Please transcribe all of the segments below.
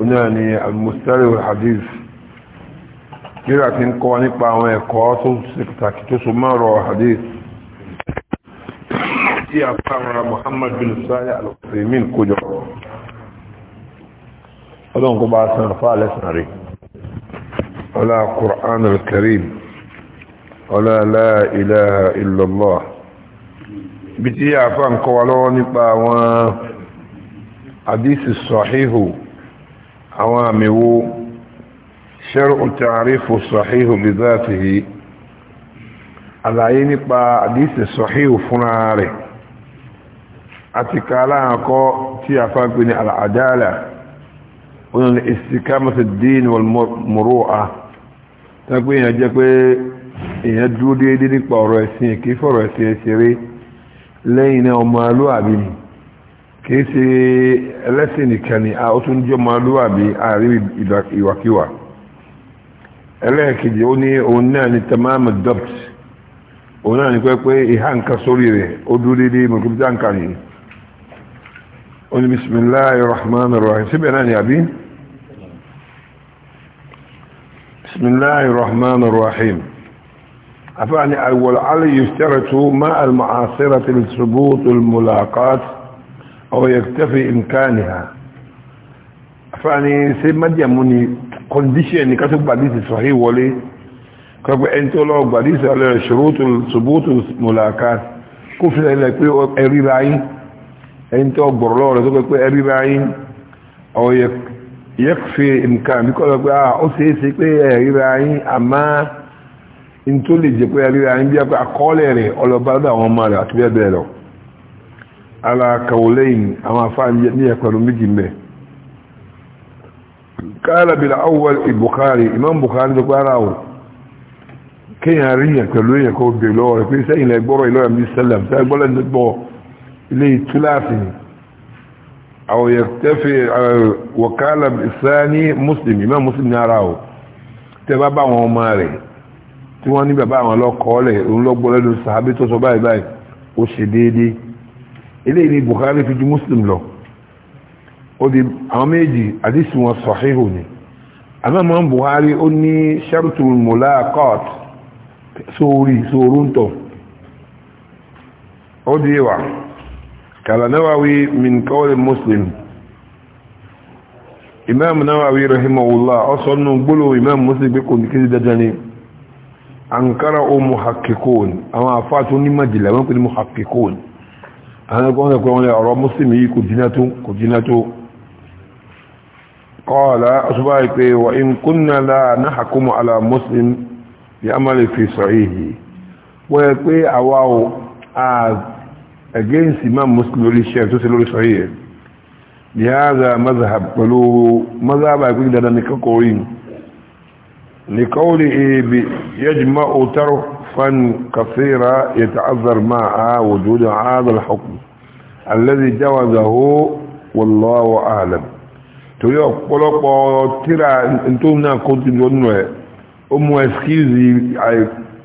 onílànà almustari alhadis kíra ti ń kọ́ nípa àwọn ẹ̀kọ́ tó ṣe pàtàkì tó so mọ́rọ̀ hadis tí a fara muhammad bin sari al-usaimin kójọ ọdún kó bá san fà lẹ́sàn rí ọlá ƙùrán al ọlá la ilaha bí tí a fà ń kọwa lọ́wọ́ nípa àwọn hadisi sahihu àwọn àmì wo ṣẹ́rù tààrífù sọ̀híhù bí záàtìhì àlàyé nípa àdísì sọ̀híhù fúnra rẹ̀ àti kààlá àkọ́ tí a fà gbé ní àdáàlà wọn ni ìsìkámọ́sí dín wọn mọ̀rọ̀á tàbí èèyàn jẹ́ pé èèyàn dúró déédé nípa ọ̀rọ̀ ẹ̀sìn kìí fọ̀rọ̀ ẹ̀sìn ẹ̀ṣẹ̀rẹ́ lẹ́yìn náà ọmọ alúàbí ni kìí ṣe ẹlẹ́sìn nìkan ni a ó tún jẹ́ ọmọlúwàbí àárín ìwàkiwà ẹlẹ́ẹ̀kejì ó ní òun náà ni tamamu dopt òun náà ni pé pé ìhà nǹkan sórí rẹ̀ ó dúró déédéé mọ̀kúbítà nǹkan ni ó ní bisimilahi rahman rahim síbẹ̀ náà ni àbí bisimilahi rahman rahim afáàní àwọn alẹ́ yìí tó má al-ma'asirati al-subut al-mulaqat أو يكتفي إمكانها فأني سيد مديموني كونديشن كاتو بعديث صحيح ولي كتب أنت لو بعديث على شروط ثبوت الملاكات كفر لك أري راين أنت أكبر لو كوي أري راين أو يكفي إمكان بيقول لك أو سيسي أري راين أما انتو اللي كوي أري راين بيقول أقول لي أولو بعد أمام مالي أتبع على قولين أما فعل يأني يقبل مجمع قال بالأول البخاري إمام بخاري قال أول كي يريا كلوين يقول بلور في سئل يقبر إلى النبي صلى الله عليه وسلم يقول أن يتبع إليه ثلاثي أو يكتفي وقال بالثاني مسلم إمام مسلم يراه تبابا وماري tí wọ́n ní bàbá àwọn ọlọ́kọ̀ọ́lẹ̀ òun lọ́gbọ́lẹ́dùn sàábí tó sọ báyìí báyìí ó ṣe déédéé ilé ni Bukhari fi ju Muslim lọ ó di àwọn méjì àdísì wọn sọ̀híhù ni àmọ́ Bukhari ó ní shartul mulaqat sórí sórúntọ̀ ó di wà kàlà Nawawi min qawli Muslim imam nawawi rahimahullah ọsọ nù gbólò imam muslim pé kò ní kéde dandan ni ankara o muhakkikun àwọn afáàtún ní majìlá wọn pè ní muhakkikun àwọn ẹgbẹ́ wọn lẹ ọ̀rọ̀ muslim yìí kò jiná tó kò jiná tó kọ́ọ̀lá ọ̀ṣùgbà ìpé wà in kúnnà láà náà hakumu ala muslim bí a máa lè fi sọ̀rọ̀ yìí wọ́n yẹ pé àwa ò against imam muslim lórí ṣe tó ṣe lórí sọ̀rọ̀ yìí bí a za mazhab pẹ̀lú mazhab àìkú dandan nìkan kọrin nìkan ó lè yẹjùmọ́ òtárọ̀ وقفا قصيرة يتعذر مع وجود هذا الحكم الذي جوزه والله أعلم torí ọ̀pọ̀lọpọ̀ tíra tó náà kó ti lọ nù ẹ̀ ó mú ẹ̀skíìzì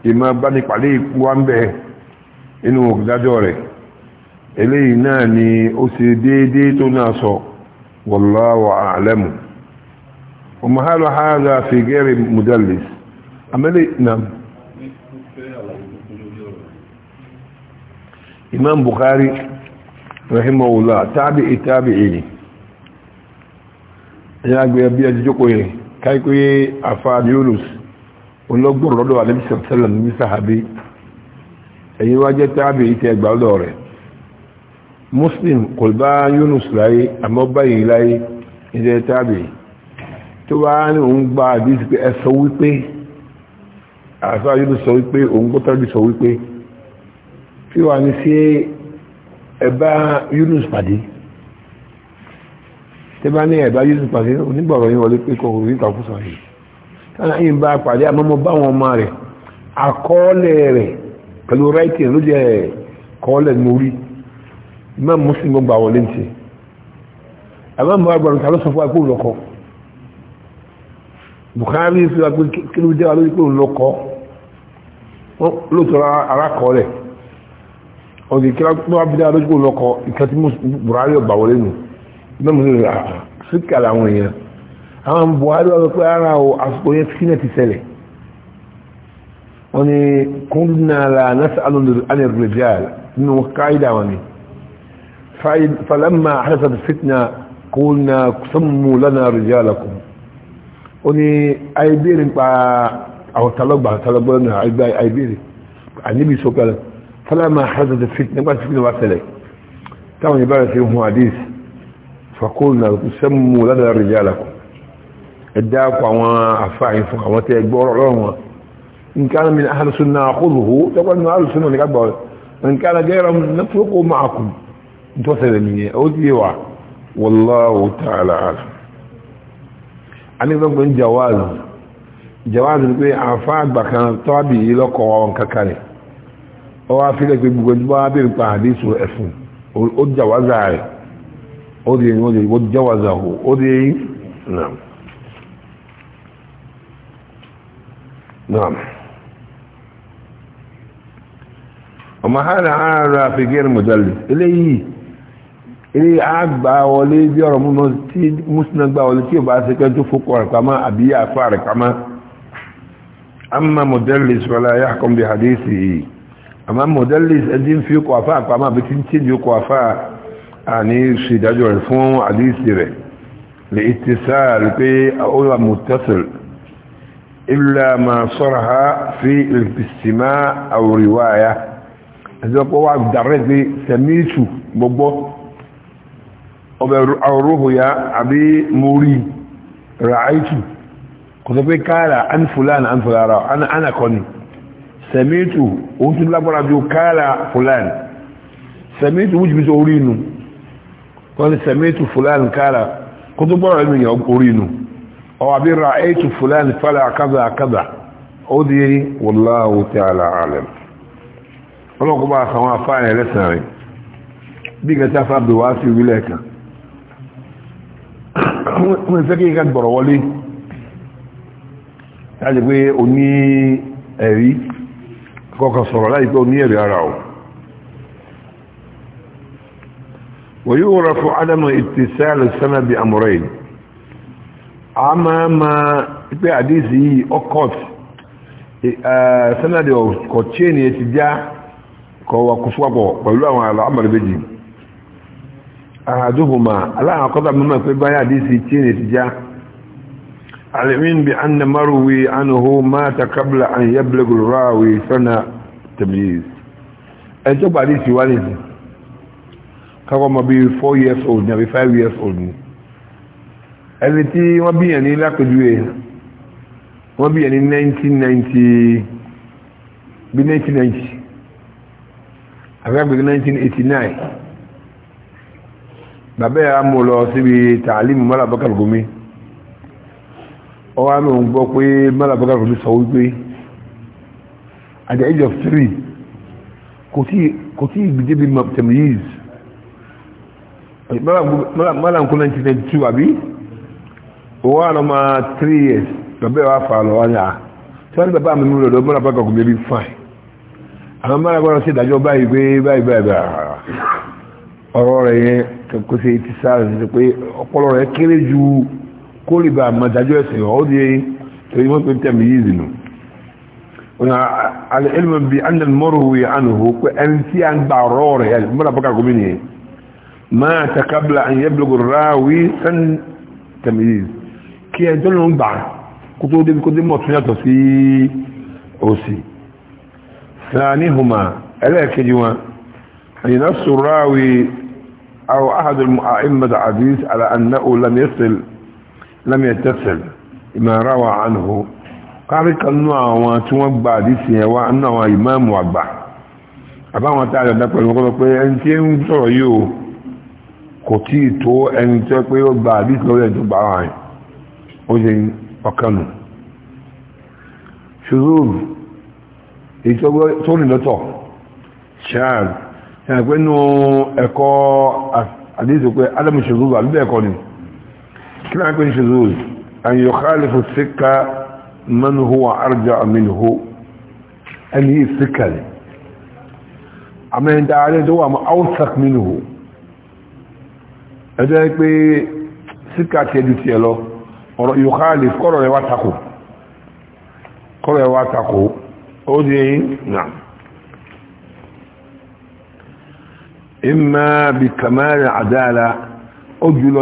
ìmọ̀ bá ní pàdé ìpú wá ń bẹ̀ inú òkúdájọ́ rẹ̀ eléyìí náà ni ó sì déédé tó náà sọ wallahu a'lamu wa mahalu hadha fi ghairi mudallis amẹ́lẹ̀ náà imam bukhari rahimahullah tabi'i tabi'i ni ya gbe bi aji joko ye kai ko ye afa yunus on lo gboro lọ́dọ̀ alayhi sallam ni sahabi èyí wá jẹ́ tabi'i te gba lọ́dọ̀ rẹ̀ muslim kò bá yunus láyé àmọ́ báyìí láyé ìjẹ́ tabi'i tó bá ní òun gba àdísí pé ẹ sọ wípé àfa yunus sọ wípé òun gbọ́tọ́jú sọ wípé tí wà ní sí ẹ̀bá Yunus pàdé tí bá ní ẹ̀bá Yunus pàdé onígbọ̀rọ̀ yìí wọlé pé kòkòrò yìí kàkú sọ yìí tánà yìí bá pàdé àmọ́mọ́ bá wọn ọmọ rẹ̀ àkọọ́lẹ̀ rẹ̀ pẹ̀lú writing ló jẹ́ kọ́ọ́lẹ̀ mórí imam Muslim gbogbo àwọn léńtì àmọ́mọ́ agbọ̀rọ̀ tàbí sọ fún wa fi wa pé kí ló jẹ́ wa lórí pé òun lọ́kọ́ lóòótọ́ arákọ̀ọ́lẹ̀ ọ̀dẹ̀ kí wọ́n wá bí dáa lójú lọ́kọ̀ ìkan tí Buhari ọgbà wọlé nù iná mi lè síkà làwọn èèyàn àwọn Buhari wà pé ara o àsìkò yẹn tí náà ti ṣẹlẹ̀ wọ́n ni kúndínlára nasa anìrìnàjá nínú káìdà wọn ni falamma àhásà fitna kúnna sánmù lánà rìjá lakum ó ní àìbéèrè nípa àwọn talọ́gbà talọ́gbà náà àìbéèrè àníbi sọ́kàlẹ̀ فلما حدث الفتنة قال الفتنة وأسألك تعمل يبقى فيهم حديث فقلنا سموا لنا رجالكم ادعوا عما أفاعي فقامت يكبر عمر إن كان من أهل السنة أخذه تقول أنه أهل السنة اللي قبل إن كان غيرهم نفرق معكم انتوصل مني أودي واحد والله تعالى أعلم أنا ضمن جواز جواز البيع أفاعي بكان طابي لكم وانككاني ọwọ́ afẹ́lẹ́ pé gbogbo ẹjú bá bèèrè pa àdísù ẹ̀fún ó jàwázà rẹ̀ ó di ìwọ́n jàwázà hù ó di náà ọmọ ara mọ̀jálì eléyìí ilé àgbà wọlé bí ọ̀rọ̀ tí gbà wọlé tí ò bá ṣe tó rẹ̀ àbí rẹ̀ amma mọ̀jálì bí hadisi àmá mọ̀dẹ́lìs ẹjí ń fi okò àfá àpamọ́ àbí tí ń tíjì okò àfá àní ṣe ìdájọ́ rẹ̀ fún àdíṣì rẹ̀ lè ti sáà rí pé àwọ́là mọ̀tẹ́sìl ilẹ̀ ma sọ́rọ̀ ha fi ìrìpìsìmá àwòrìwáyá ẹjọ́ pọ́ wà dàrẹ́ pé sẹ̀míìtù gbogbo ọbẹ̀ àwòrúhùyá àbí mórí ràáìtù kò sọ sẹ̀mẹ́tù ó tún lágbára bí ó káàlà fúlàn sẹ̀mẹ́tù wújú bí sọ orí inú wọ́n ni sẹ̀mẹ́tù fúlàn káàlà kó tó bọ́rọ̀ inú yàn orí inú ọwà bí ra ẹ́tù fúlàn fàlà àkádà àkádà ó di wallahu ta'ala alam ọlọ́kọ́ bá sàwọn afáàrẹ̀ pé o ní ẹ̀rí kọ́kọ́ sọ̀rọ̀ láìpẹ́ ní èrè ara o wọ́n yóò rọ fún adamu ìtìsáàlù sánà bí amúrẹ́ yìí a máa ma pé àdísì yìí ọkọ̀t sánà kọ̀ chéènì ẹ̀ ti já kọ̀ wà kó sọ́pọ̀ pẹ̀lú àwọn àmàlẹ́ méjì àhàdúhùmá aláàkọ́tà mímọ̀ pé báyà àdísì chéènì ẹ̀ ti já عالمين بأن مروي عنه مات قبل أن يبلغ الراوي سنة تمييز أنت بعدي سوالي káwọn ọmọ bíi four years old ní àbí five years old ní ẹni tí wọ́n bí yẹn ní lápẹ̀júwe wọ́n bí yẹn ní nineteen ninety bí nineteen ninety àbí bàbá yà á síbi tààlímù mọ́lá bọ́kàlùgùnmí ọwá náà ń gbọ́ pé mẹ́làbọ́gá rọ̀lú sọ wípé at the age of three kò tí ìgbìjẹ́ bí tamiz mẹ́làkún 1992 àbí ọwá náà ma three years bàbá ẹ̀wà fà lọ wáyà ah, tí wọ́n ní bàbá mi lọ́dọ̀ mẹ́làbọ́gá kò bẹ́ẹ̀ bí fine àwọn mẹ́làkún sí ìdájọ́ báyìí pé báyìí báyìí ah, ọ̀rọ̀ rẹ̀ yẹn kò sí ti sáà sí pé ọpọlọ rẹ̀ kéré ju kó lè bá àmàdájọ́ ẹ̀sìn ọ̀ ó di torí wọ́n pè ń tẹ̀mí yìí zìnà alẹ́lẹ́mọ̀ bíi andan mọ́rùwì ànùhù pé ẹni tí a ń gbà rọ́ rẹ̀ ẹ̀ mọ́ra bọ́kà gómi nìyẹn máa takabla an yẹ́bùlùkù ráwí sẹ́ni tẹ̀mí yìí kí ẹ tó ló ń gbà kó tó débi kó dé mọ̀ tó yàtọ̀ sí òsì sani huma ẹlẹ́ẹ̀kejì wọn àyìnà sùn ráwì àwọn ahadul mu'aimmat hadith ala anna lam لم يتصل ما روى عنه قال كنوا وان وان غبا ديسي وا ان وا امام وغبا ابا وان تعالى دا pẹ̀lú ko pé en tí ń sọ̀rọ̀ yo kò tí tó en tí pé ó gba hadith lo le tó gba wa yin ó jẹ́ ọ̀kan shuzub ìjọba tó ní lọ́tọ̀ shad ya pé no ẹ̀kọ́ hadith pé adam shuzub àbí ẹ̀kọ́ ni kí náà pín ṣùzúl an yukhalifu síkà man huwa arja minhu ẹni yìí síkà ni a mẹ́rin dáadé tó wà mọ́ awsaq minhu ẹjọ́ pé síkà tí ẹjú tí ẹ lọ ọ̀rọ̀ yukhalifu kọ́rọ̀ rẹ̀ wá takò kọ́rọ̀ rẹ̀ wá takò ó di yìí náà imma bi kamal adala ó jùlọ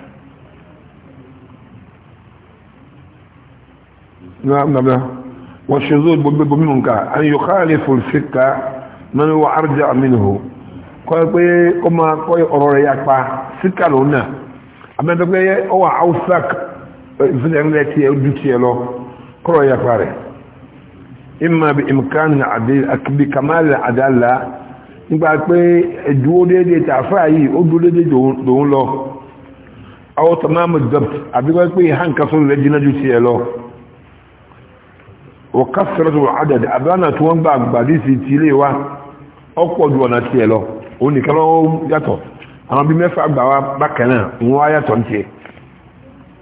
نعم نعم والشذوذ بمنك أن يخالف الفكة من هو أرجع منه kọ́yẹ́ pé kọ́ máa kọ́yẹ́ ọ̀rọ̀ rẹ̀ yà pa síkà lòun náà àmẹ́tọ́ pé ọ wà áùsàk ìfúnjẹ́ ńlẹ̀ tí ẹ dú tiẹ̀ lọ kọ́rọ̀ yà pa rẹ̀ ìmọ̀ bí imkan àbí kamal àdàlà nígbà pé ẹ̀dúró déédéé tà yìí ó dúró déédéé lòun lọ وكثرة العدد أبانا توانبا باديسي تيلي وا أقوى جوانا تيلو وني كانوا ياتو أنا بمفع بوا بكنا وياتو انتي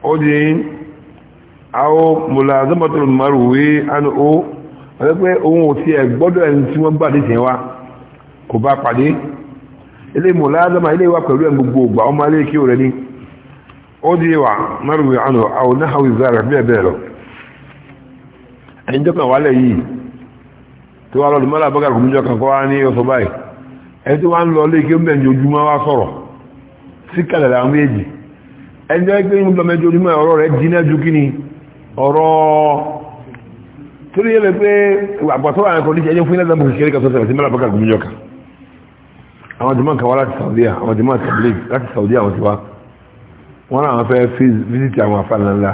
أودين أو ohun gbọ́dọ̀ ẹni tí wọ́n wa kò bá pàdé ilé ilé wa pẹ̀lú ẹ̀ gbogbo àwọn náà wí zára bẹ́ẹ̀ bẹ́ẹ̀ lọ ẹnjọ́ kan wálẹ̀ yìí tó wá lọ́dún mọ́lá bọ́gà kòmíjọ́ kan kọ́ wá ní ọ̀sọ̀ báyìí ẹni tó wá ń lọ lé kí ó mẹ́jọ ojúmọ́ wá sọ̀rọ̀ sí kàlẹ̀ àwọn méjì ẹnjọ́ pé ń lọ mẹ́jọ ojúmọ́ ọ̀rọ̀ rẹ̀ jiná ju kí ni ọ̀rọ̀ tó lè yẹ pé àgbàtọ́ àwọn ẹ̀kọ́ níṣẹ́ ẹjọ́ fún ilẹ̀ ìdánwò kékeré kan sọ̀rọ̀ sí mọ́lá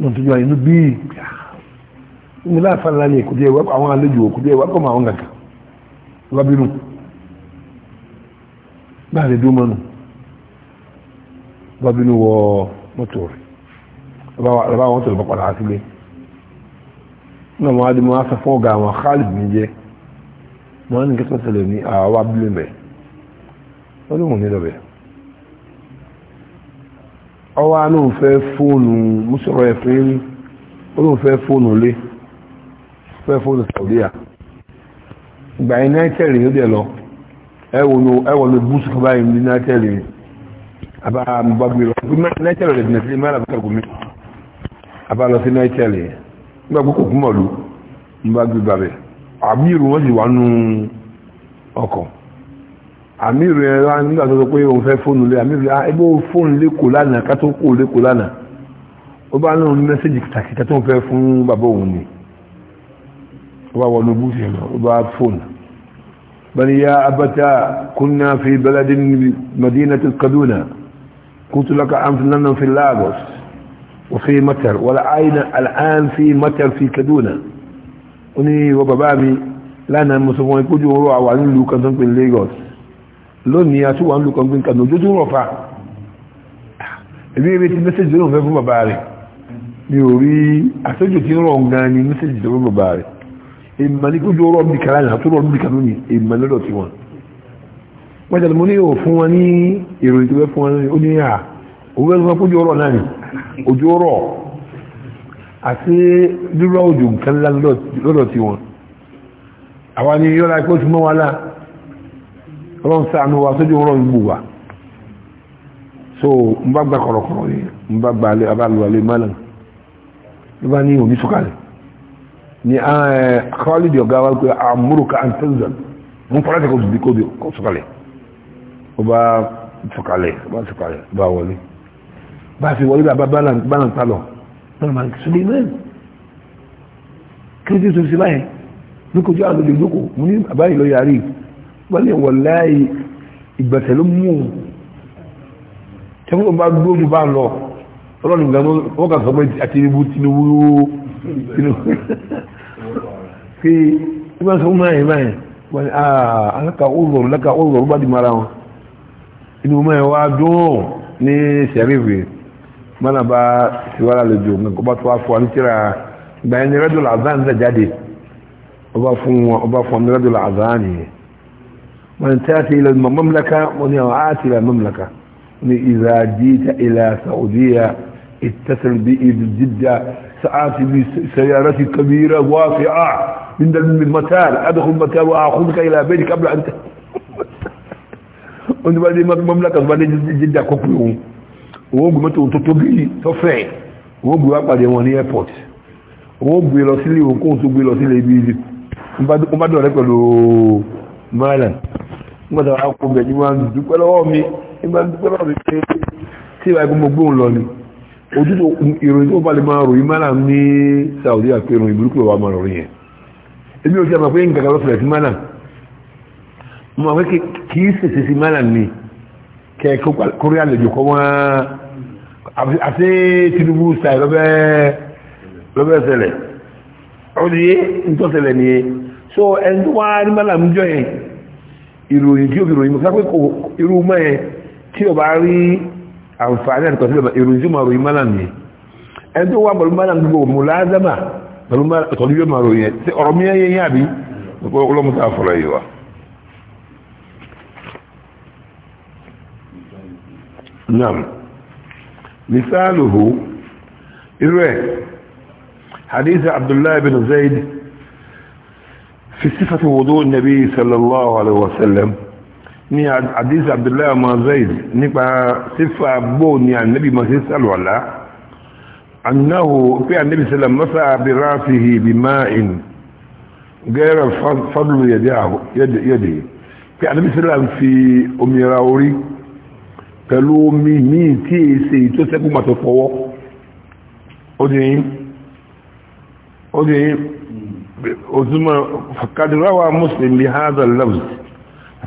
lọ́tọ́jú ayé ló bí ní láàfàlà ní èkúté ẹwà àwọn àlejò òkúté ẹwà kọ́ àwọn gàgà lábínú báyìí dúró mọ́nu lábínú wọ mọ́tò rẹ̀ lọ́ba wọn tẹ̀lé pàpàdà àtìlẹ́ ní àwọn adìmọ́ afẹ́fọ́ ọ̀gá àwọn Khalid ní jẹ́ wọ́n ní kẹ́kọ̀ọ́ tẹ̀lé ní àwọn abúlé mẹ́ wọ́n ní wọ́n ní lọ́bẹ̀ẹ́ ọwọ́ anú fẹ́ fóònù mùsùlùmí ẹ̀fín rí olóò fẹ́ fóònù lé fẹ́ fóònù sàwùdíà ìgbà yìí united ló dẹ̀ lọ ẹwọ̀n ló bú sùkọ́ báyìí ní united rẹ̀ àbá àmúbágbé lọ united rẹ̀ dìnnà sílé mẹ́rin àbúkà gómi àbá lọ sí united rẹ̀ nígbà gbogbo kúmọ̀lú àmúbágbé bàbẹ̀ àbí ìrù wọn sì wà nù ọkọ̀ àmìrì ẹ̀rọ nígbà tó sọ pé òun fẹ́ fóònù lé àmìrì ẹgbẹ́ fóònù lẹ́kọ̀ọ́ lánàá ká tó kó lẹ́kọ̀ọ́ lánàá ó bá náà mẹ́sẹ̀jì kìtàkì ká tó ń fẹ́ fún bàbá òun ni ó bá wọnú búùsì ẹ̀ ó bá fóònù bani ya abata kunna fi baladin madinati kaduna kuntu laka amfinan fi lagos وفي متر والعين الآن في متر في كدونة أني وبابامي لنا مسلمون يقولوا روعة وعنين لو كنتم في ليغوس lónìí àtúwà ń lù kan gbínkà lójú tó rọ̀fà ẹbí ẹbí ti mẹ́sẹ̀jì lónìí fún bàbá rẹ̀ ní orí àtọ́jù tí rọ̀ gan ni mẹ́sẹ̀jì tó fún bàbá rẹ̀ èmà ní kójú ọrọ̀ bí kàrá yàtọ̀ rọ̀ bí kàrá lónìí èmà lọ́dọ̀ tí wọn. wọ́n jẹ́ mo ní ò fún wọn ní ìròyìn tó fẹ́ fún wọn ní ó ní à òun fẹ́ kójú ọrọ̀ náà ni ojú ọrọ̀ àti rírọ̀ òjò nǹkan lọ́dọ̀ tí wọn. àwa ni yọ́ra pé ó mọ́ wa láà ọlọ́run ṣàánú wa sójú ọ̀rọ̀ ìgbò wa so n bá gba kọ̀rọ̀kọ̀rọ̀ yìí n bá gba abáluwalẹ̀ mọ́lẹ̀ ní bá ní òní sọ́kalẹ̀ ní kọ́lìdì ah, eh, ọ̀gá wa pé àmúrùkà àǹtẹ́zàn ń fọ́lá tẹ́kọ̀ òsì kó sọ́kalẹ̀ ó bá sọ́kalẹ̀ bá sọ́kalẹ̀ bá wọlé bá fi wọlé bàbá bálàn palọ̀ náà máa sọ́lé mẹ́rin kí ló dé sọ́sí báyẹn ní kojú àwọn olè lóko mo ní àbáyé lọ yàrá yìí wọ́n lè wọ̀ láì ìgbẹ̀tẹ̀ ló mú un tẹ́wọ́n bá gbóòjù bá lọ ọlọ́run gan wọ́n kà sọ pé àtinubu tinubu tinubu pé wọ́n bá sọ fún máyì máyì wọ́n ni ah, alaka ọ̀rọ̀ laka ọ̀rọ̀ bá di mara wọn inú máyì wá dùn ní sẹ́rífì mana bá tiwara lè jò nǹkan bá tó wọn من تأتي إلى المملكة من يعات إلى المملكة إذا جيت إلى سعودية اتصل بي بجدة سآتي بسيارتي كبيرة واسعة من المتال أدخل المتال وأخذك إلى بيتك قبل أن wọ́n ti bá dé mọ́mílákà tó bá dé jíjà kọ́pù ohun owó gbé mọ́tò tó tóbi tó fẹ́ owó gbé wá pàdé wọn ní airport owó gbé lọ sílé òun kóhun tó gbé lọ sílé ibi ìlú wọ́n bá dọ̀rẹ́ pẹ̀lú maryland gbọ́dọ̀ akọ bẹ̀ ní wọ́n dúpẹ́ lọ́wọ́ mi ìgbà dúpẹ́ lọ́wọ́ mi pé tí ìwà ẹgbẹ́ gbóhùn lọ ni ojú tó ìròyìn tó balẹ̀ máa ròyìn mánà ní Saudi àpérò ìbúrúkú lọ́wọ́ máa ròyìn yẹn èmi ò sí àmà pé ń gàgà lọ́sọ̀rọ̀ sí mánà mo máa pé kì í sèse sí mánà ni kẹ kórí àlejò kọ́ wọ́n àti Tinubu sáì lọ́bẹ̀ lọ́bẹ̀ ṣẹlẹ̀ ń tọ́ ṣẹlẹ̀ nìyẹn so ẹni tó wá ní mánà ń jọ yẹn ìròyìn tí ó fi ròyìn mọ́ sápé kò irú mẹ́ẹ̀ tí ó bá rí àǹfààní àti tọ̀sílẹ̀ ìròyìn tí ó máa ròyìn mọ́lá nìyẹn ẹni tó wá pẹ̀lú mọ́lá gbogbo mú láàzámà pẹ̀lú tọ̀sílẹ̀ yóò máa ròyìn tí ọ̀rọ̀ mi yẹn yẹn àbí ọlọ́mọta fọ̀rọ̀ yìí wa. nam misaluhu irú ẹ̀ hadith abdullahi bin zayd في صفة وضوء النبي صلى الله عليه وسلم ni hadith abdullahi ọmọ zaid nípa sífà bó ni annabi masu salwala annahu fi annabi sallam masa bi rafihi bi ma'in gairar fadlu yadda fi annabi sallam fi omira orí pẹ̀lú omi ní tí è ṣe tó sẹ́kùn màtọ̀ fọwọ́ ó dìyìn عثمان فقد روى مسلم بهذا اللفظ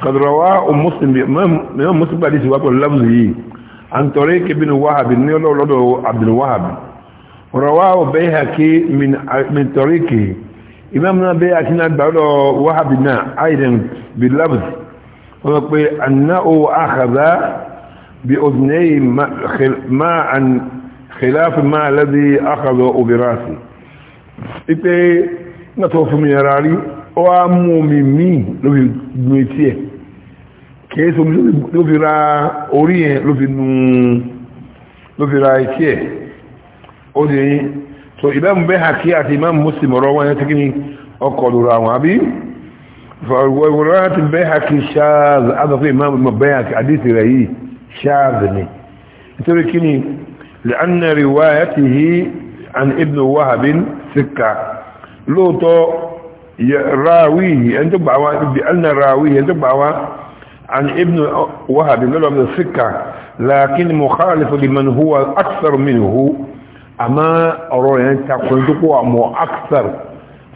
قد روى مسلم ما مسلم حديث وقت اللفظ عن طريق ابن وهب نيلو لدو عبد الوهاب رواه بيهقي من من طريقه امامنا بيهقي نبعو وهبنا ايضا باللفظ وقال انه اخذ باذني ما عن خلاف ما الذي اخذه براسه ipe náà tó fún mi yàrá rí ó wá mú omi míì ló fi nu etí ẹ̀ kìí sọ omi ló fi ra orí yẹn ló fi nu ló fi ra etí ẹ̀ ó di yín so ìbámu bẹ́ẹ̀ hàkí àti ìmáàmù Muslim ọ̀rọ̀ wọn yẹn ti kí ni ọkọ̀ lóra àwọn àbí fọwọ́rọ́tì bẹ́ẹ̀ hàkí ṣáàzì àtọ́fẹ́ ìmáàmù bẹ́ẹ̀ hàkí àdìsí rẹ̀ yìí ṣáàzì ni nítorí kí ni لأن روايته عن ابن وهب سكة lóòtọ́ راويه أنت بعوا بأن راويه أنت بعوا عن ابن وهب لولا من السكة لكن مخالف لمن هو أكثر منه أما أروي أنت كنت مو أكثر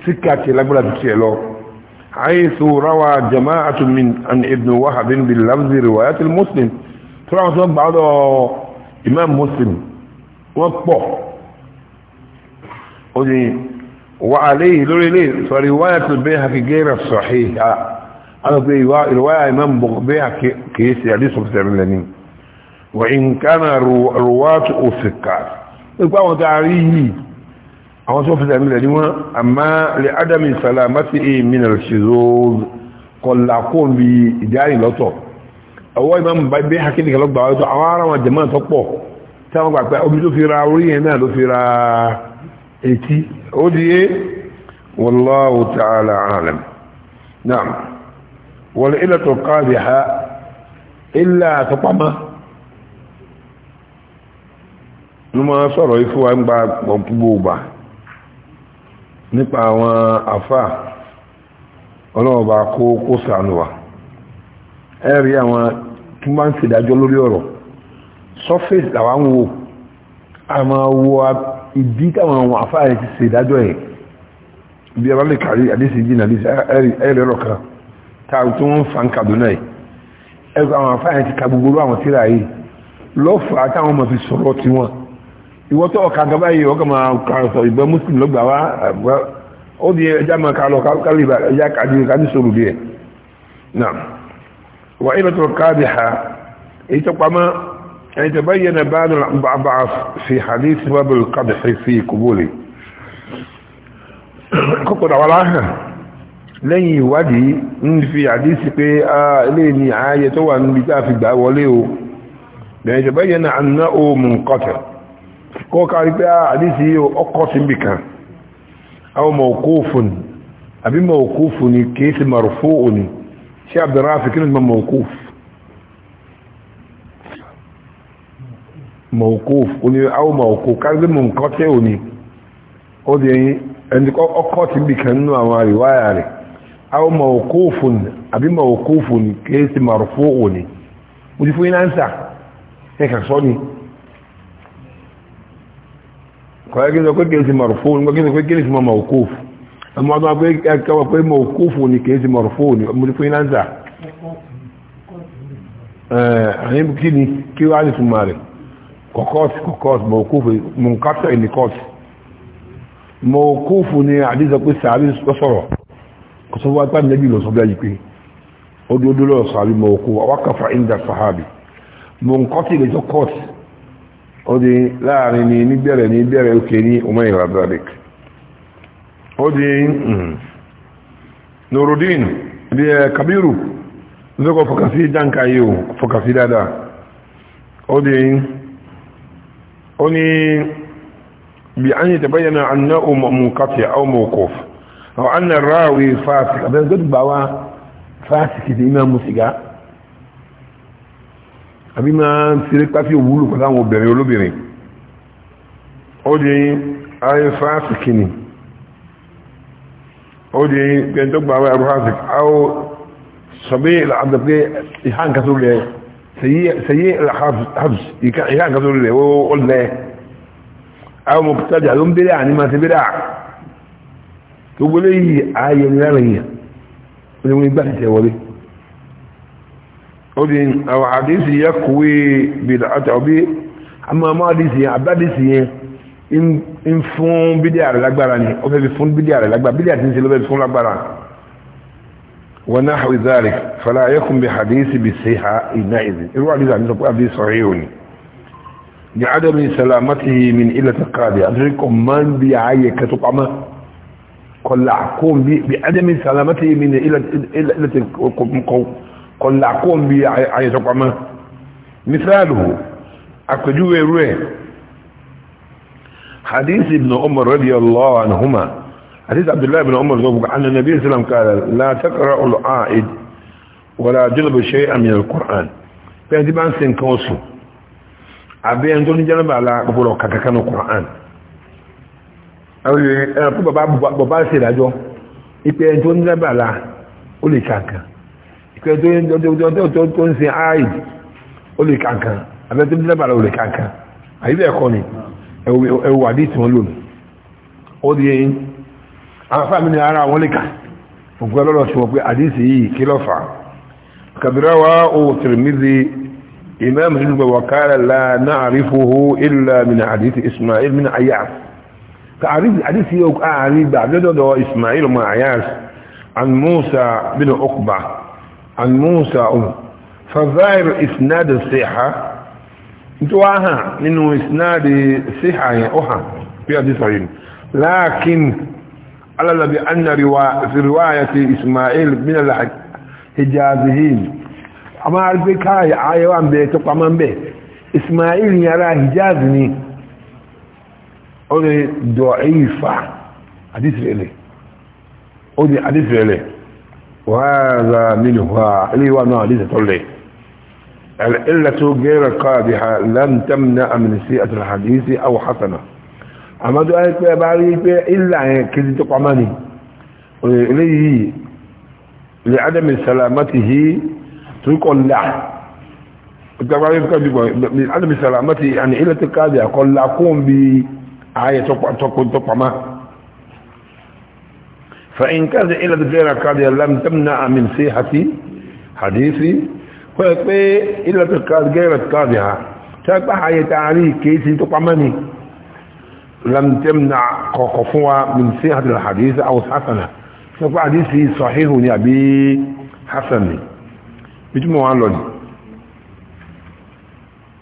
سكة لبلا بتيلو حيث روى جماعة من عن ابن وهب باللفظ روايات المسلم ترى مثلا بعض إمام مسلم وقبه ودي وعليه لوري ليه فرواية البيهقي غير الصحيحة أنا رواية إمام بيهقي كيس يعليس بسعملانين وإن كان رواة الثقات يبقى وتعريه أو سوف تعملانين أما لعدم سلامته من الشذوذ قل أقول بإجاري لطو أو إمام بيهقي لك لطو أو أرى وجماعة تقبو تقبو أبي لو في راوري هنا لو في راوري etí o di yé wallahu ta'ala alam naam wal ilatu qabiha ilà àtọ́pamọ́ ló máa sọ̀rọ̀ ìfúwa ń gba gbọ̀ngbògbà nípa àwọn àfà ọlọ́ọ̀bá kó kó sànù wa ẹ̀rí àwọn tí wọ́n ń ṣèdájọ́ a ìdí táwọn àwọn àfáàrẹ ti ṣe ìdájọ́ ẹ̀ bí a bá lè kàrí àdísì jìnà àdísì ẹ̀rẹ̀ ọ̀rọ̀ kan táwọn tó ń fa ń Kaduna ẹ̀ ẹgbẹ́ àwọn àfáàrẹ ti ka gbogbo àwọn tíra yìí lọ́fà táwọn ọmọ fi sọ̀rọ̀ tí wọ́n ìwọ́tọ̀ ọ̀ka gaba yìí ọkọ̀ máa kàrọ̀ sọ ìgbẹ́ muslim lọ́gbà wá ó di ẹja máa kà lọ kálí ẹja kàdí kàdí sọ̀rọ̀ díẹ̀ náà wà ìlọ́tọ̀ káàdì ha èyí يعني تبين بان الضعف في حديث باب القدح في قبوله kọ́kọ̀dà wà láhàn lẹ́yìn ìwádìí ń fi àdísì pé a ilé ni ààyẹ tó wà níbi tá fi gbà wọlé o bẹ̀rẹ̀ ìjọba yẹn náà ná o mú kọ́tẹ̀ kọ́ kárí pé àdísì ọkọ̀ sí bì kan àwọn mọ̀kófùn àbí mọ̀kófùn ni kìí sí marufóòni sí abdurrafi kí ni mọ̀kófùn mọ̀ọ́kóf oní àwọn mọ̀ọ́kó kárí mọ̀ nǹkan tẹ́ òní ó di ẹyin ẹni ọkọ̀ tí bì kan nínú àwọn àríwáyà rẹ̀ àwọn mọ̀ọ́kófù ní àbí mọ̀ọ́kófù ní kìí sí màrúfó òní mo ti fún yín láǹsà ẹ kà sọ ni kọ̀ọ̀yà kí n sọ pé kìí sí màrúfó ni kí wàá ní túmọ̀ rẹ̀ كوكوس كوكوس موقوف منقطع النقاط موقوف ني حديث كو صحابي وصره كسوا قال النبي لو صبي يبي ودو دو لو صحابي موقوف وقف عند الصحابي منقطع النقاط ودي لا ني ني بيره ني بيره وكني وما يرضى بك ودي نور الدين كبيرو نزكو فكاسي دانكايو فكاسي دادا ودي ó ní bí an yìí tẹ̀bẹ́ yẹn náà ná ọmọ mú kàtì àwọn ọmọ òkò àwọn an náà ráwé fásitì abẹ́rẹ́ tó gbà wá fásitì tí máa mú sìgá àbí máa ń ṣeré pàtí òwúlò pẹ̀lú àwọn obìnrin olóbìnrin ó di ayé fásitì ni ó di pẹ̀ntọ́gbà wá fásitì سيء سيء الحفظ يكان كذول اللي وقلنا او مبتدع لهم بلع يعني ما تبلع تقول ايه آية نارية ولم يبهت يا ولي قلن او حديث يقوي بدعة او بي اما ما حديث يا عبا حديث يا ان فون بدعة الاكبر يعني او فون بدعة الاكبر بدعة تنسي لو فون الاكبر ونحو ذلك فلا يكن بحديث بالصحة إنئذ الوعد عن أبي صحيحني لعدم سلامته من إلة القاضي أدريكم من بيعيك تقعمه قل لعقوم بعدم سلامته من إلة قل لعقوم بعيك تقعمه مثاله أكجوه روه حديث ابن عمر رضي الله عنهما حديث عبد الله بن عمر رضي عن النبي صلى الله عليه وسلم قال لا تقرأ العائد ولا جلب شيئا من القرآن فهدي بان سنكوسو àbí ẹni tó ní jẹ́nàbà aláàpọ̀lọ̀ kàkàkánù kùrán ẹ̀rọ bàbá ṣe ìdájọ́ ipẹ́ ẹni tó ní jẹ́nàbà alá ó lè kàkàn ipẹ́ tó ń ṣe áìdì ó lè kàkàn abẹ́ tó ní jẹ́nàbà alá ó lè kàkàn àyíbẹ̀ ẹ̀kọ́ ni ẹ̀wọ̀ àdí ìtìwọ́n lónìí àwọn afáàmì ni ara wọn lè kà ògùn ọlọ́rọ̀ tí wọ́n pé àdísì yìí kí ló fà kàbíráwá ó tìrìmìzì imam ibn wakala la na'rifuhu illa min hadith ismail min ayas تعريف الحديث هي أعري بعدده إسماعيل وما عياش عن موسى بن عقبة عن موسى أم فظاهر إسناد الصحة انتواها إنه إسناد الصحة أحا في حديث لكن على الذي أن في رواية إسماعيل من الحجازيين أما أعرفك هاي عيوان بيت وقمان به إسماعيل يرى حجازني أولي ضعيفة حديث إليه أولي حديث إليه وهذا منها إليه وأنا حديث إليه العلة غير قادحة لم تمنع من سيئة الحديث أو حسنه àmọ́dọ́ ayé pé ẹbá rí pé ilà yẹn kiri tó pamọ́ ni eléyìí lè adẹ́mi sàlámàtì yìí turukọ̀ là ìtàgbà yóò kọ́ dùgbọ̀ lè adẹ́mi sàlámàtì àni ilẹ̀ tó káàdì àkọ́ là bí ayé tó pamọ́ فإن كان إلى الزيارة قادية لم تمنع من صحة حديثي فإن إلى القادية غير القادية تبقى حياة عليه كيسي تقمني لم تمنع قفوة من صحة الحديث أو حسنة سوف حديثي صحيح يا أبي حسن بجمع الله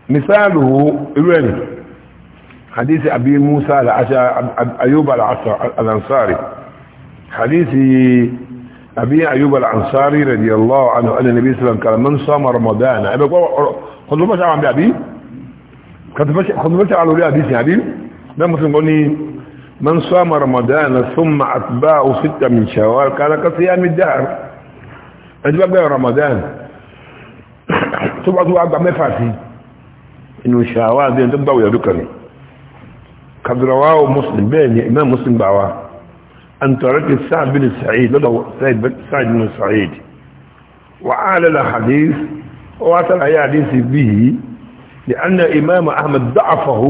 مثاله إلواني حديث أبي موسى أيوب الأنصاري حديث أبي أيوب الأنصاري رضي الله عنه أن النبي صلى الله عليه وسلم قال من صام رمضان خذوا ما شعر عن أبي خذوا ما شعر عن أبي ده مسلم قولي من صام رمضان ثم أتباعه ستة من شوال كان كصيام الدهر عندما بقى رمضان سبعة عبد ما فاتي إنه شوال دين يا ذكري قد رواه مسلم بين إمام مسلم بعواه أن ترك سعد بن سعيد لدى سعد بن سعيد وعال الحديث وعطل أي حديث به لأن إمام أحمد ضعفه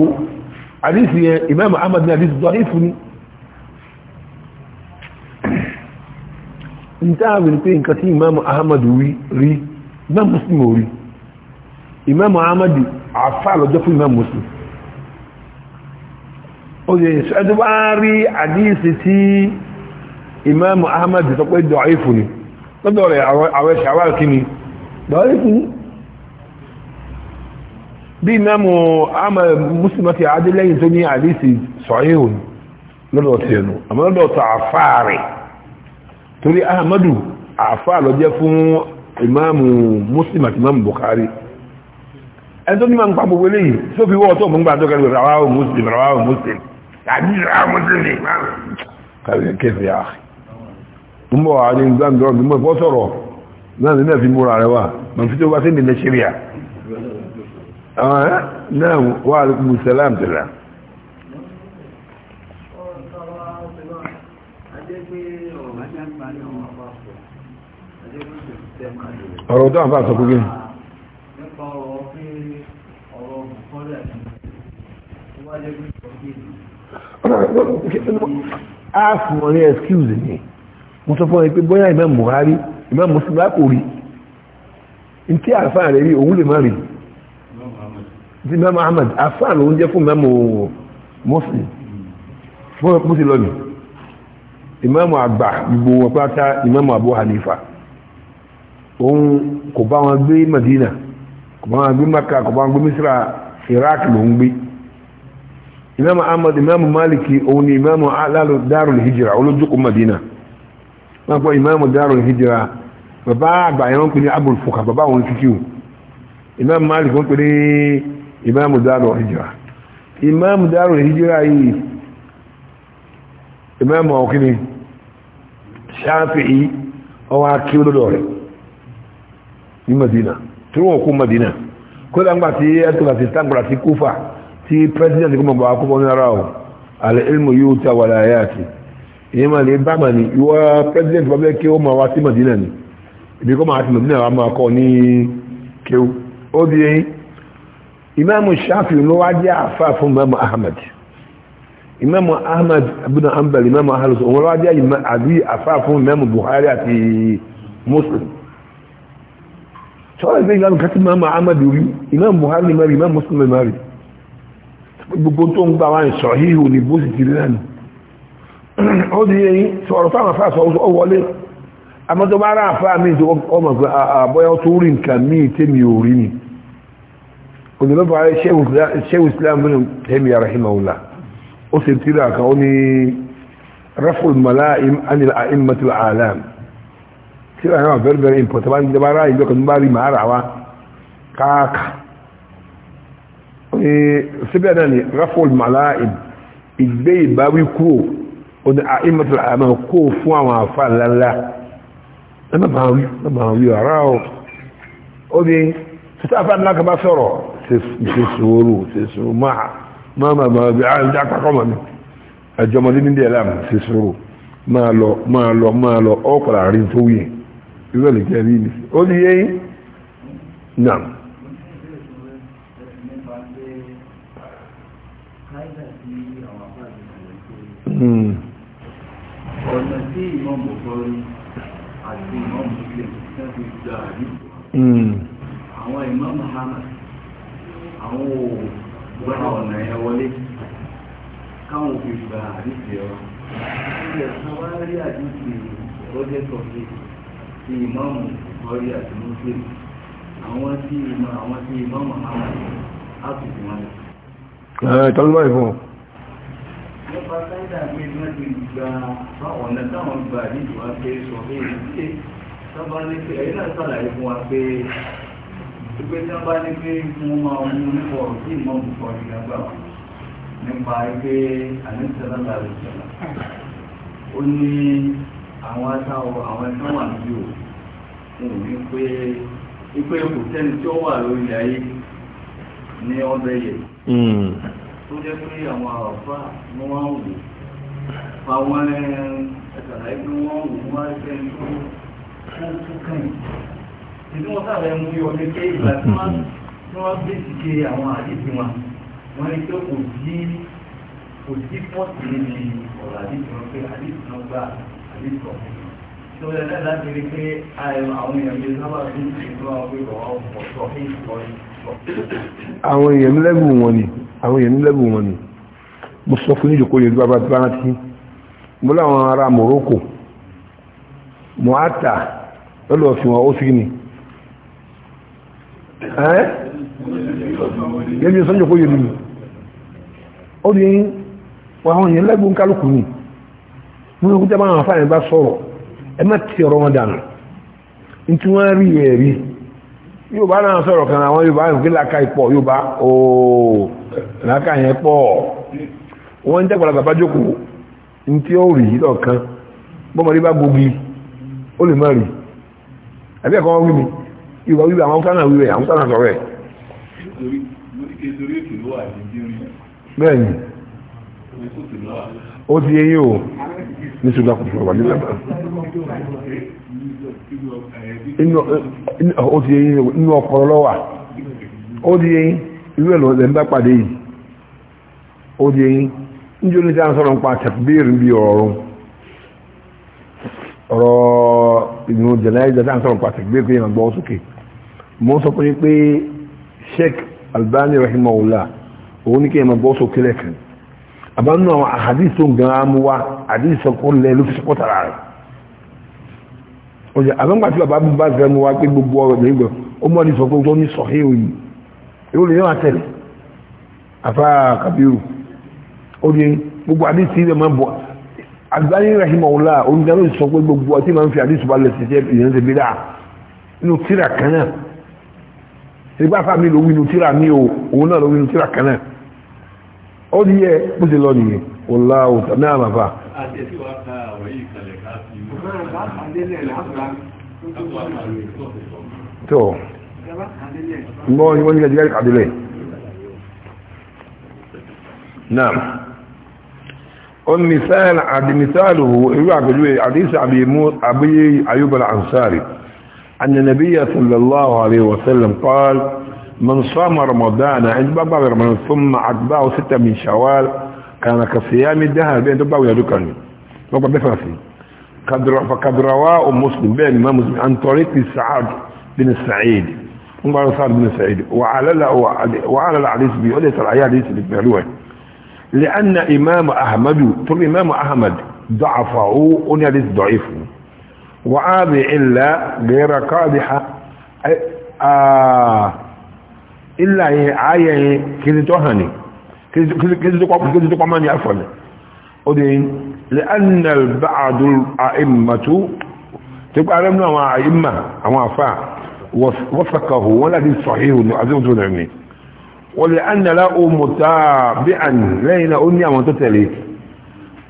Ali yẹn imam ahmad ní hadith da'if ni n ta wí pé nǹkan tí imam ahmad wí rí imam muslim ò rí imam ahmad àfà lọ́jọ́ fún imam muslim ó yẹ ṣẹ́dọ́ bá rí hadith tí imam ahmad sọ pé da'if ni lọ́dọ̀ rẹ̀ àwọn ṣàwárì kí ni bí imáàmù àmà mùsùlùmí ti adélẹ́yìn tó ní àdìsí sọ̀híhùn lọ́dọ̀ tiẹ̀nu àmọ́ lọ́dọ̀ tó àfáà rẹ̀ torí ahmadu àfáà lọ jẹ́ fún imáàmù mùsùlùmí àti imáàmù Bukhari ẹni tó ní máa ń pa gbogbo eléyìí tó fi wọ́ọ̀ tó mú tó kẹ́lẹ́ pé rawahu muslim muslim fi náà wà alùkùnmù sàlám tẹ̀lá ọ̀rọ̀ tó àfà sọ kúgbé a fún ọ̀rẹ́ excuse ni mo sọ fún ẹ pé bóyá Imam Buhari Imam Muslim lápò rí ní tí àfà rẹ̀ rí òun lè má rí ti mẹ́mọ́ ahmed afáà ló ń jẹ́ fún mẹ́mọ́ mọ́sùlùm fún ẹ̀kú sí lọ́nà ìmẹ́mọ́ àgbà gbogbo wọn pátá ìmẹ́mọ́ àbú hanifa òun kò bá wọn gbé madina kò bá wọn gbé maka kò bá wọn gbé misra iraq ló ń gbé ìmẹ́mọ́ ahmed ìmẹ́mọ́ maliki òun ni ìmẹ́mọ́ alálò dárùn hijira olójókòó madina wọ́n pọ̀ ìmẹ́mọ́ dárùn hijira bàbá àgbà yẹn wọ́n pè ní abul fuka bàbá wọn kíkí o ìmẹ́mọ́ maliki wọ́n pè ní imamu daru hijira imamu daru hijira yìí imamu ọkini shafi'i ọwá kí ó lọ́dọ̀ madina tí wọ́n madina kó dáńgbà tí ẹtùgbà ti tàgbàrà ti kúfà tí president kúmọ̀ bá kúfà ní ara ọ̀ alẹ́ ilmu yóò ta wà láyé àti ìyẹn máa lè bá mà ìwọ president bá bẹ́ wá sí madina ni ibi ma ti madina kọ́ ní ó di imaamu shafi ló wá jẹ́ àfa fún imaamu ahmed imaamu ahmed ibn hanbal imaamu ahmed òun ló wá jẹ́ àbí àfa fún imaamu buhari àti muslim sọ́wọ́n ìgbẹ́ ìgbàlù kàtí imaamu ahmed rí imaamu buhari ni mari imaamu muslim ni mari gbogbo tó ń gbà wá ń sọ híhù ní bó sì ti rí náà ó di yẹn sọ̀rọ̀ fáwọn afá sọ ó wọlé amọ́tọ́ bá rà àfa mi ọmọ àbọ̀yọ́ tó rí nǹkan míì òdìlọ́bà ṣéwù islam bin tẹ́mìyà rahimahullah ó sì tíra kan ó ní raful mala'im anil a'immatul alam tíra náà very very important bá ń jẹba ráyìn lọ́kàn ní bá rí màá rà wá káàkà ó ní síbẹ̀ náà ni raful mala'im ìgbé ìbáwí kúrò ó ní a'immatul alam kó fún àwọn àfà ńláńlá ẹ má wí ara ó ní títà àfà ńlá kan bá sọ̀rọ̀ ṣe sòrò máa máa máa máa bí ààrùn jákà kọ́mọ̀ mi lọ máa lọ máa lọ ọ̀pọ̀lá rí tó wù yẹn ìwé lè ó ní yé hmm. hmm. àwọn ìmọ̀ àwọn òwò wá ọ̀nà ẹ̀ wọlé káwọn fi gba àdìsí ọ ṣe àwa rí àdìsí ọjọ́ kọfí ti ìmọ̀mù ọrí àti mùsùlùmí àwọn tí ìmọ̀ àwọn tí ìmọ̀mù àwọn àtùkù wọn lọ. ẹ tọ́lúmọ̀ ìfún. nípa sáyidà pé wọ́n ti gba ọ̀nà táwọn gba àdìsí wa pé sọ pé ìdílé sábà ní pé ẹ̀yìn náà sàlàyé fún wa pé ìgbé tí wọ́n bá ní pé wọ́n máa mú nípa ọ̀rọ̀ tí ìmọ̀ bùkọ̀ ìdàgbà wọn nípa àníṣẹ́lá ó ní àwọn atáwọ̀ àwọn ẹ̀sán wà pé kò ní ọbẹ̀ yẹ tó jẹ́ pé àwọn àwọ̀fà ni ìdí wọn sábà mú yọ ní pé ìgbà tí wọ́n gbé síke àwọn àdìsí wọn wọ́n rí pé kò sí kò sí pọ́ọ̀tì níbi ọ̀rọ̀ àdìsí wọn pé àdìsí wọn gbà àdìsí wọn tí wọ́n lẹ́nu láti rí pé àwọn èèyàn yẹn sábà fi ń ṣètò àwọn pé ọ̀rọ̀ ọ̀pọ̀ ní ìsọ̀rí. àwọn èèyàn lẹ́bùn wọn ni àwọn èèyàn lẹ́bùn wọn ni mo sọ fún ìjòkó yẹn bá bá rántí mo láwọn ará Morocco mo á tà lọ́dọ̀ fi wọn ó sì ní ẹ́ eh? yẹ́mi sọ́jọ́ ọ yẹ̀mí ó rí wọn àwọn èèyàn lẹ́gbùn kálukú ni wọ́n kú jẹ́mọ́ àwọn afáàyàn bá sọ̀rọ̀ ẹ má ti ọ̀rọ̀ wọn dànù wọ́n rí rí yóò bá náà sọ̀rọ̀ kan àwọn yóò bá yóò làákà yóò bá ooo làákà yẹn pọ̀ wọ́n ń jẹ́ jókòó ó rí bọ́mọdé bá gbogi ó lè má rí ìwà wíwẹ̀ àwọn kánà wíwẹ̀ àwọn kánà sọ̀rọ̀ ẹ̀. bẹ́ẹ̀ni ó ti yẹ o ní sùdà kò sọ̀rọ̀ nígbà bá. ó ti yẹ yín inú ọkọ̀ lọ́wà ó ti yẹ yín irú ẹ̀ lọ́dẹ̀ ń bá pàdé yìí ó di eyín níjó ní sáà sọ́rọ̀ ń pa tẹ̀kbíìrì bí ọ̀rọ̀ ọ̀rọ̀ ìrìn òjò láyé jẹ́ sáà ń pa tẹ̀kbíìrì kí èèyàn sókè mo sọ pé pé sheikh albani rahimahullah òun ní kí ẹ máa bọ́ sókè lẹ́kàn àbánú àwọn àhàdìs tó ń gan án mú wá àdìs ọkọ lẹ ló fi sọpọ́ tara rẹ̀ ọjà àbámgbà tí bàbá bá fẹ́ mú wá pé gbogbo ọ̀rọ̀ lè gbọ́ ó mọ́ ní sọ pé tó ní sọ̀hí òyì èwo lè yẹ́wà tẹ̀lé afá kabiru ó ní gbogbo àdìs tí ilẹ̀ máa bọ̀ albani rahimahullah òun ní sọ pé gbogbo ọtí máa ń fi àdìs balẹ̀ ìgbà fà mí ló wínú tíra mí o òun náà ló wínú tíra kan náà ó ní yẹ bó ti lọ nìyẹn ọ̀la òtà náà mà fà. tó mbọ́ ni wọ́n ní gajigari kàdúlẹ̀ náà on misal adi misaluhu irú àpèjúwe àdìsí àbí ayúbọ̀lá ansari أن النبي صلى الله عليه وسلم قال من صام رمضان عند بابا رمضان ثم أتبعه ستة من شوال كان كصيام الدهر بين دبا ويدكني بابا بفرسي فقد رواه مسلم بين ما مسلم عن طريق سعد بن سعيد عمر سعد بن سعيد وعلى لا وعلى الحديث بيقول ترى يا حديث لأن إمام أحمد طول إمام أحمد ضعفه أن ضعيفه وعابي إلا غير قادحة إلا عاية كذي توهني كذي تقماني أفضل أدين لأن البعض الأئمة تبقى لمنا مع أئمة أما فا وفقه ولكن صحيح عزيزة العمي ولأن له متابعا لين أني أمتتلي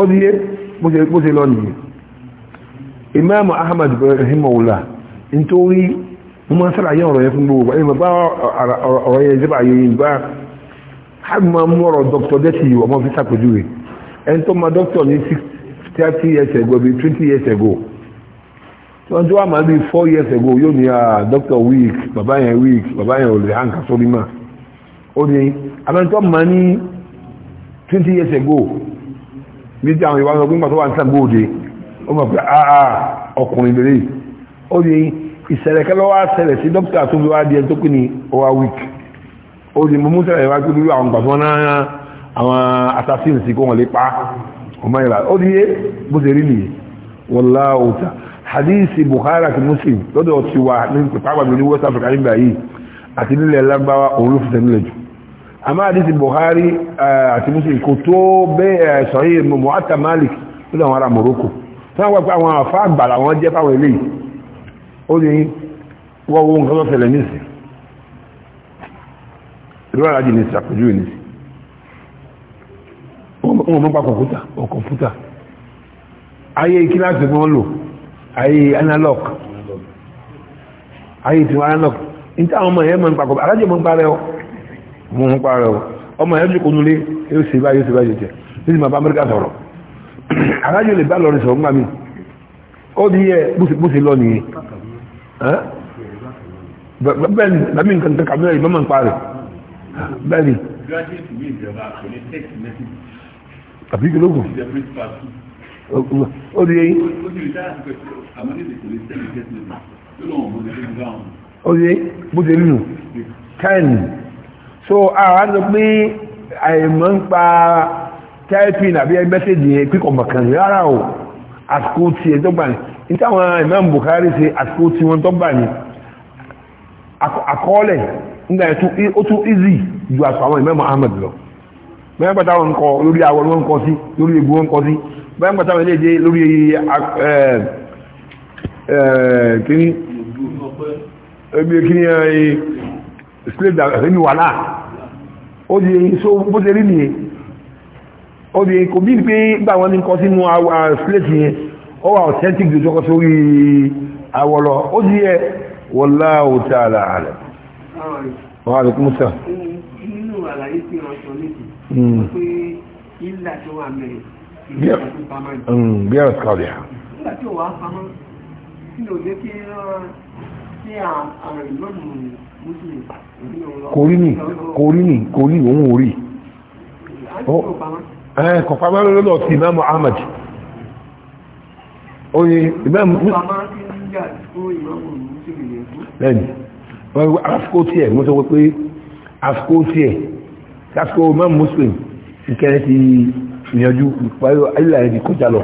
ọdíyé pọ́sẹ̀ lọ imam ahmad ibrahim nítorí wọ́n máa sára yẹ́ ọ̀rọ̀ yẹ fún gbogbo ẹ̀yìn bá ọ̀rọ̀ yẹ yìí bá hàgbà mú ọ̀rọ̀ dr dẹ́tì yìí ọmọ fi sàpèjúwe ẹni tó ma doctor ní 30 years ago bi years ago tó wà máa years ago yóò ní ah, week bàbá yẹn week bàbá yẹn ó ní ma ní 20 years ago bí ti àwọn ìwà ọgbọ́n gbà tó wà ní sàgbó òde ó mọ̀ pé àà ah, ah, ọkùnrin lèrè ó di ìṣẹ̀lẹ̀ kẹ́lọ́ wá ṣẹlẹ̀ sí dókítà tó fi wá di ẹni tó pè ní ọwá week ó di mú ṣẹlẹ̀ wá bí àwọn gbà náà àwọn assassin sí kó wọn lè pa ọmọ ìlà ó di bó ṣe rí nìyí wallahu ta hadith Bukhari àti Muslim lọ́dọ̀ ti wà ní pàápàá ní West Africa nígbà yìí àti nílẹ̀ lágbáwá òun ló fi tẹ̀ nílẹ̀ jù àmá àdísì Buhari eh, àti Muslim kò tó bẹ́ eh, sọ̀yí Muwatta Malik tó lọ́wọ́ ara Morocco tán wọ́n pé àwọn àfá àgbàlá wọn jẹ́ fáwọn ilé ó ní wọ́wọ́ nǹkan tó fẹ̀lẹ̀ nísì ìlú alájì ní ìsàpèjú ní wọ́n mọ́ pa kọ̀ǹpútà ọ̀ kọ̀ǹpútà ayé kíláàsì wọn lò ayé analog ayé tiwọn analog ní táwọn ọmọ yẹn mọ́ nípa mú ń parẹ́ o ọmọ ẹ̀jú kò nulé yóò ṣe báyìí yóò ṣe báyìí jẹ nítorí màá bá amẹ́ríkà sọ̀rọ̀ alájọ lè bá lọrin sọ̀rọ̀ ńgbà mi ó di yẹ bùsẹ̀ lọ nìyẹn bẹ́ẹ̀ ni bàmí nǹkan kan kàmí ẹ̀yìn mọ́mọ́ ń parẹ́ bẹ́ẹ̀ ni. àbí kí so àwọn àjọ pé àìmọ́ ń pa typing àbí mẹ́sẹ̀jì yẹn pípọ̀ mọ̀kàn rárá o àsìkò tí ẹ̀ tọ́gbà ní ní táwọn Imam Bukhari ṣe àsìkò tí wọ́n tọ́gbà ní àkọọ́lẹ̀ nígbà yẹn ó tún easy ju àsìkò àwọn Imam Ahmad lọ bẹ́ẹ̀ pàtà wọn kọ lórí awọ wọn kọ sí lórí egbò wọn kọ sí bẹ́ẹ̀ pàtà wọn lè dé lórí kíní ẹgbẹ́ kíní ẹ̀ slave ẹ̀mí wà náà ó di so bó ṣe rí nìyẹn ó di kò bí pé gbà wọn ní nǹkan sínú slate yẹn ó wà authentic jù jọkọ sórí àwọlọ ó di yẹ wallahu ta'ala alam. wa alaikum salaam. nínú àlàyé tí wọ́n sọ níbi hmm. wọ́n pé ilà tó wà mẹ́rin hmm, bí ẹ̀rọ skáwé. nígbà tí ò wá pamọ́ sínú òjò kí kò rí ni òun ò rí ẹ̀ kọ̀pamọ́ lọ́lọ́ sí imam ahmed oye imam lẹ́yìn àsìkò tí ẹ̀ mọ́sọ́ wípé àsìkò tí ẹ̀ àsìkò imam muslim ìkẹrẹ ti ìyànjú pẹ̀lú ayílà ti kọjá lọ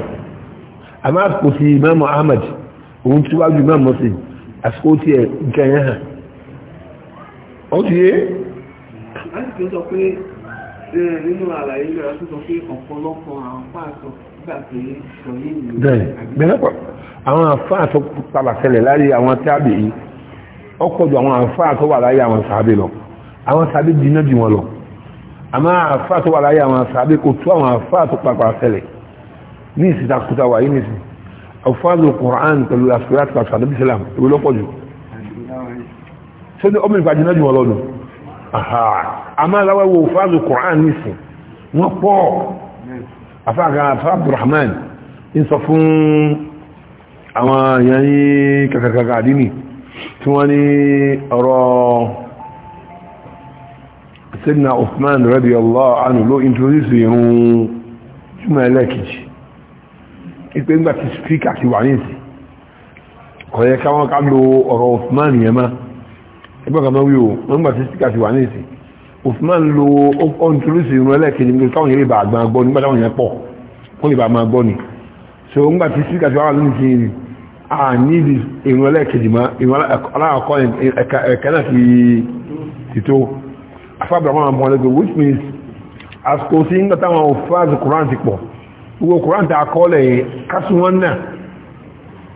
àmọ́ àsìkò sí imam ahmed òun tí wájú imam muslim àsìkò tí ẹ̀ nǹkan yẹn hàn ó ti yé. láti tó sọ pé nínú àlàyé náà tó sọ pé ọ̀pọ̀lọpọ̀ àwọn pàṣọ gbà pé sọ yìí bẹ́ẹ̀ àwọn àfáà padà ṣẹlẹ̀ láyé àwọn tábì yìí ọkọ̀ ju àwọn àfáà wà láyé àwọn sàábì lọ àwọn sàábì jiná jù wọn lọ àmọ́ àfáà wà láyé àwọn sàábì kò tó àwọn àfáà padà ṣẹlẹ̀ ní ìsìtakùtà wà yìí nìsìn ọ̀fáàlù kùrán pẹ̀lú aspirat pàṣẹ àdébí sílám ìwé lọ́pọ̀ jù ṣé ní ọmọ ìfàjì náà jù wọn lọ́dún àmà aláwọ̀ wo ọ̀fáàlù kùrán nìsín wọ́n pọ̀ afáàkà afáà abdulrahman ń sọ fún àwọn èèyàn yìí kàkàkàkà àdínì tí wọ́n ní ọ̀rọ̀ sidna usman radiyallahu anhu ló introduce irun jùmọ̀ ẹlẹ́kìjì ipe ń gbà tí spíkà ti wà ní ìsìn kò yẹ káwọn ká lo ọ̀rọ̀ Usman yẹn má ẹgbẹ́ kan máa wí o wọ́n ń gbà tí spíkà ti wà ní ìsìn Usman lo ọ̀ntúrúsì irun ẹlẹ́ẹ̀kejì nígbà táwọn yẹn lè bá àgbà gbọ́ nígbà táwọn yẹn pọ̀ kó lè bá máa gbọ́ ni so ń gbà tí spíkà ti wà ní ìsìn a níbi irun ẹlẹ́ẹ̀kejì má irun aláàkọ́ ẹ̀kẹ́ náà ti tó which means àsìkò sí ń gbà táwọn òfúrásì Kùránì ti pọ̀ gbogbo koran ta kọ́lẹ̀ yẹn kásùn wọn náà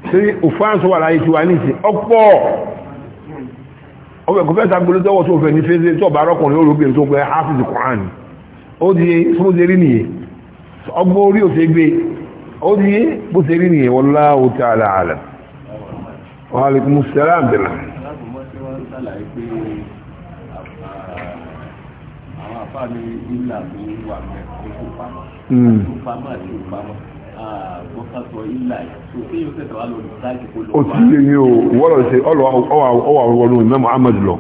tí òfáàsọ wà láyé tí wà ní ìsìn ọpọ́ ọmọ ẹ̀kọ́ fẹ́ta gbolo tọ́wọ́ tó fẹ́ ní fẹ́sẹ̀ tó bá rọ́kùnrin olóbìnrin tó di fún ṣe rí nìyẹn ọgbọ́n ori ò ṣe O di bó ṣe rí nìyẹn wallahu ta'ala alam wa alaikum Hmm. o àti òfàmọ́ àgbọ́kàtọ̀ ilà tó kéyìn tẹ̀tẹ̀ wà lórí ìdájì kó lọ́wọ́. ó ti yé ni o wọ́lọ̀ ṣe ọwà wọnú ìmáàmù ahmad lọ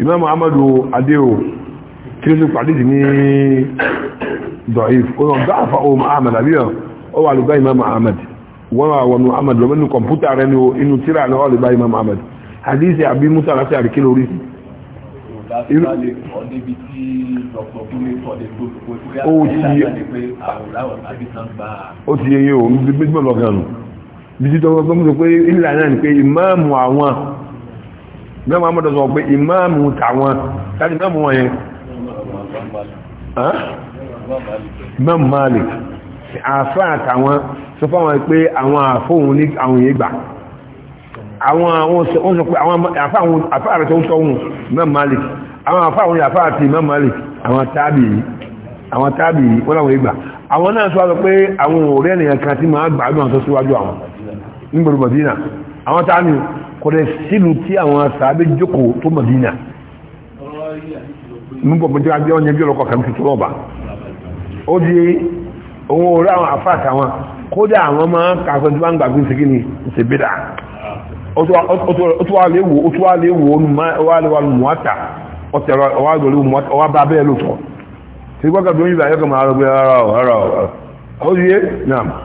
ìmáàmù ahmad adé o kí ló ti pàdé sí ní dọ̀if o lọ dá o ohun ahmad àbí ọ ó wà lùgbà ìmáàmù ahmad wọ́n wà wọnú ahmad lọ mẹ́nu kọ̀mpútà rẹ ni o inú tíra ni ó lùgbà ìmáàmù ahmad hadith àbí musa láti àríkí lórí sí irú ọdẹbi tí dr kúnlé tọdẹ tó lùkọ ìpínlẹ̀ ó ti yẹ o gbígbọ́n lọ́gán nù bí i tọ́wọ́ gbọ́n sọ pé ìlà náà ni pé ìmáàmù àwọn gbọ́n máa mọ́dọ̀ sọ pé ìmáàmù tàwọn láti ìmáàmù wọn yẹn ìmáàmù Malik àfá àtàwọn sọ fáwọn pé àwọn àfóhun ní àwọn yẹn gbà àwọn àwọn sọ pé àwọn àfá àrẹ tó ń sọ ohun ìmáàmù Malik àwọn àfá àwọn àfá àti Imam Malik àwọn tábìí àwọn wọ́n láwọn ìgbà àwọn náà sọ́wọ́ pé àwọn ọ̀rẹ́ ènìyàn kan tí máa gbàgbọ́n tó síwájú àwọn nígbèrú Madina àwọn tábìí kò rẹ̀ sílù tí àwọn sàábé jókòó tó Madina nígbà mọ̀jọ́ ọ̀tẹ̀ ọwá gbẹ̀lú ọwá bá bẹ́ẹ̀ lóòtọ́ tí gbọ́gbẹ̀ bí wọ́n yìí bá yẹ́kọ̀ máa